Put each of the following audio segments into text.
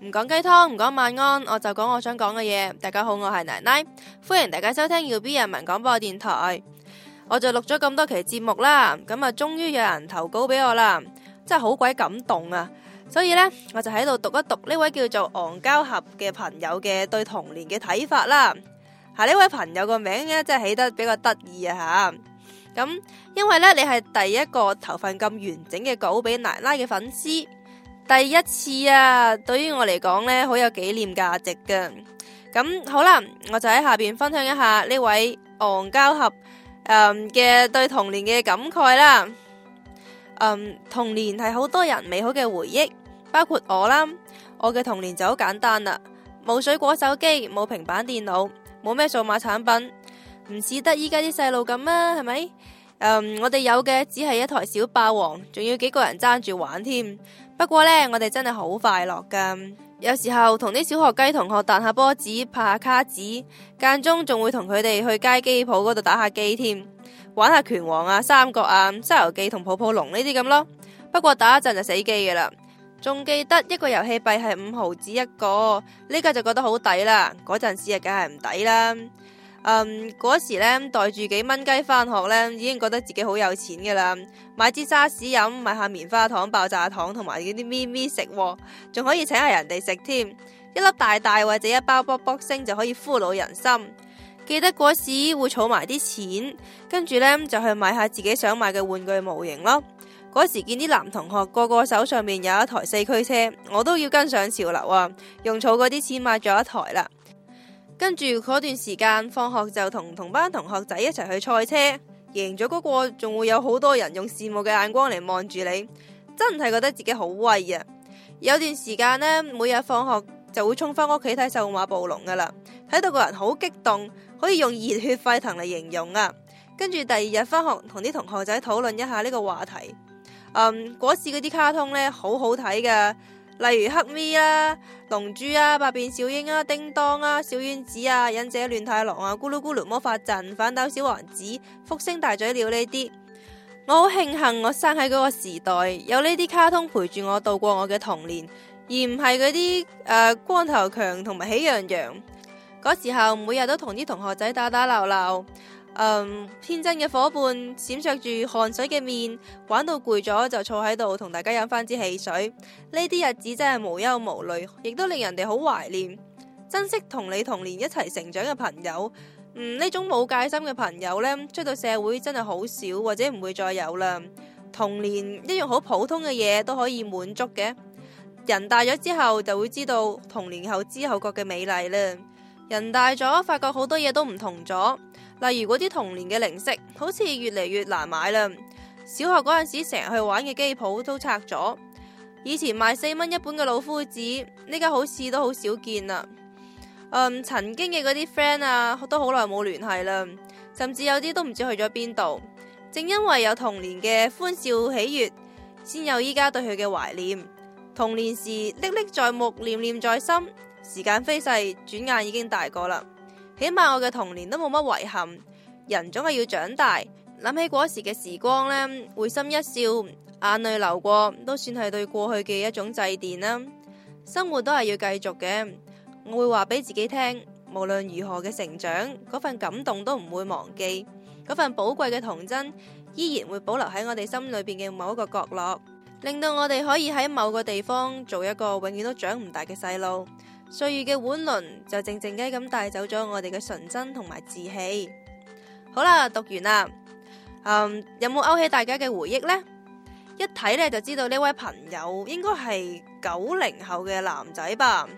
唔講雞湯，唔講晚安，我就講我想講嘅嘢。大家好，我係奶奶，歡迎大家收聽姚 B 人民廣播電台。我就錄咗咁多期節目啦，咁啊，終於有人投稿俾我啦，真係好鬼感動啊！所以呢，我就喺度讀一讀呢位叫做昂膠俠嘅朋友嘅對童年嘅睇法啦。吓呢位朋友個名呢，真係起得比較得意啊吓。咁因為呢，你係第一個投份咁完整嘅稿俾奶奶嘅粉絲。第一次啊，對於我嚟講呢，好有紀念價值噶。咁好啦，我就喺下邊分享一下呢位戇膠俠嘅對童年嘅感慨啦。嗯，童年係好多人美好嘅回憶，包括我啦。我嘅童年就好簡單啦，冇水果手機，冇平板電腦，冇咩數碼產品，唔似得依家啲細路咁啊，係咪？嗯，um, 我哋有嘅只係一台小霸王，仲要幾個人爭住玩添。不過呢，我哋真係好快樂噶。有時候同啲小學雞同學彈下波子，拍下卡子，間中仲會同佢哋去街機鋪嗰度打下機添，玩下拳王啊、三國啊、西遊記同泡泡龍呢啲咁咯。不過打一陣就死機噶啦。仲記得一個遊戲幣係五毫子一個，呢個就覺得好抵啦。嗰陣時啊，梗係唔抵啦。嗯，嗰時咧，袋住幾蚊雞返學咧，已經覺得自己好有錢嘅啦，買支沙士飲，買下棉花糖、爆炸糖同埋嗰啲咪咪食，仲可以請下人哋食添，一粒大大或者一包卜卜星就可以俘虜人心。記得嗰時會儲埋啲錢，跟住咧就去買下自己想買嘅玩具模型咯。嗰時見啲男同學個個手上面有一台四驅車，我都要跟上潮流啊，用儲嗰啲錢買咗一台啦。跟住嗰段時間，放學就同同班同學仔一齊去賽車，贏咗嗰個，仲會有好多人用羨慕嘅眼光嚟望住你，真係覺得自己好威啊！有段時間呢，每日放學就會衝返屋企睇《數碼暴龍》噶啦，睇到個人好激動，可以用熱血沸騰嚟形容啊！跟住第二日返學同啲同學仔討論一下呢個話題，嗯，嗰時嗰啲卡通呢，好好睇噶。例如黑咪啦、啊、龍珠啊、百變小櫻啊、叮當啊、小丸子啊、忍者亂太郎啊、咕嚕咕嚕魔法陣、反斗小王子、福星大嘴鳥呢啲，我好慶幸我生喺嗰個時代，有呢啲卡通陪住我度過我嘅童年，而唔係嗰啲誒光頭強同埋喜羊羊。嗰時候每日都同啲同學仔打打鬧鬧。嗯，um, 天真嘅伙伴，閃爍住汗水嘅面，玩到攰咗就坐喺度同大家飲翻支汽水。呢啲日子真係無憂無慮，亦都令人哋好懷念，珍惜同你童年一齊成長嘅朋友。嗯，呢種冇戒心嘅朋友呢，出到社會真係好少，或者唔會再有啦。童年一樣好普通嘅嘢都可以滿足嘅。人大咗之後就會知道童年後知後覺嘅美麗啦。人大咗，發覺好多嘢都唔同咗。例如嗰啲童年嘅零食，好似越嚟越難買啦。小學嗰陣時成日去玩嘅機鋪都拆咗，以前賣四蚊一本嘅老夫子，呢家好似都好少見啦。嗯，曾經嘅嗰啲 friend 啊，都好耐冇聯繫啦，甚至有啲都唔知去咗邊度。正因為有童年嘅歡笑喜悅，先有依家對佢嘅懷念。童年時歷歷在目，念念在心，時間飛逝，轉眼已經大個啦。起碼我嘅童年都冇乜遺憾，人總係要長大，諗起嗰時嘅時光呢，會心一笑，眼淚流過，都算係對過去嘅一種祭奠啦。生活都係要繼續嘅，我會話俾自己聽，無論如何嘅成長，嗰份感動都唔會忘記，嗰份寶貴嘅童真依然會保留喺我哋心裏邊嘅某一個角落，令到我哋可以喺某個地方做一個永遠都長唔大嘅細路。歲月嘅碗輪就靜靜雞咁帶走咗我哋嘅純真同埋志氣。好啦，讀完啦，嗯，有冇勾起大家嘅回憶呢？一睇，咧就知道呢位朋友應該係九零後嘅男仔吧。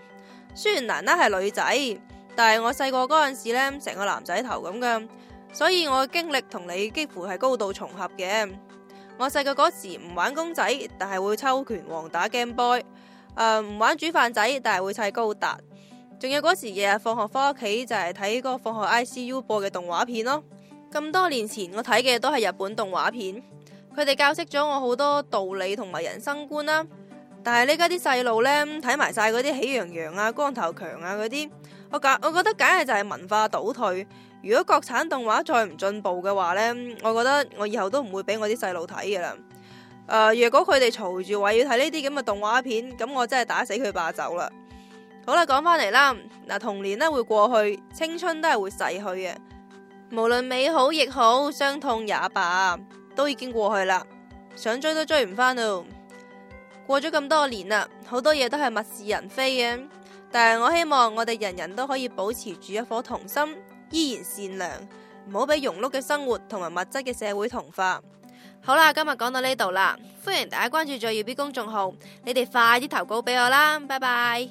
雖然奶奶係女仔，但係我細個嗰陣時咧成個男仔頭咁噶，所以我嘅經歷同你幾乎係高度重合嘅。我細個嗰時唔玩公仔，但係會抽拳王打 Game Boy。誒，唔、呃、玩煮飯仔，但係會砌高達。仲有嗰時日日放學翻屋企就係睇嗰個放學 I C U 播嘅動畫片咯。咁多年前我睇嘅都係日本動畫片，佢哋教識咗我好多道理同埋人生觀啦。但係呢家啲細路呢，睇埋晒嗰啲喜羊羊啊、光頭強啊嗰啲，我覺我覺得簡直係就係文化倒退。如果國產動畫再唔進步嘅話呢，我覺得我以後都唔會俾我啲細路睇嘅啦。誒，若、呃、果佢哋嘈住話要睇呢啲咁嘅動畫片，咁我真係打死佢霸走啦！好啦，講返嚟啦，嗱，童年呢會過去，青春都係會逝去嘅，無論美好亦好，傷痛也罷，都已經過去啦，想追都追唔返咯。過咗咁多年啦，好多嘢都係物是人非嘅，但係我希望我哋人人都可以保持住一顆童心，依然善良，唔好俾庸碌嘅生活同埋物質嘅社會同化。好啦，今日講到呢度啦，歡迎大家關注最耀 B 公眾號，你哋快啲投稿俾我啦，拜拜。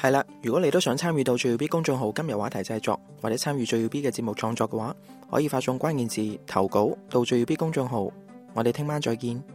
係啦，如果你都想參與到最耀 B 公眾號今日話題製作，或者參與最耀 B 嘅節目創作嘅話，可以發送關鍵字投稿到最耀 B 公眾號，我哋聽晚再見。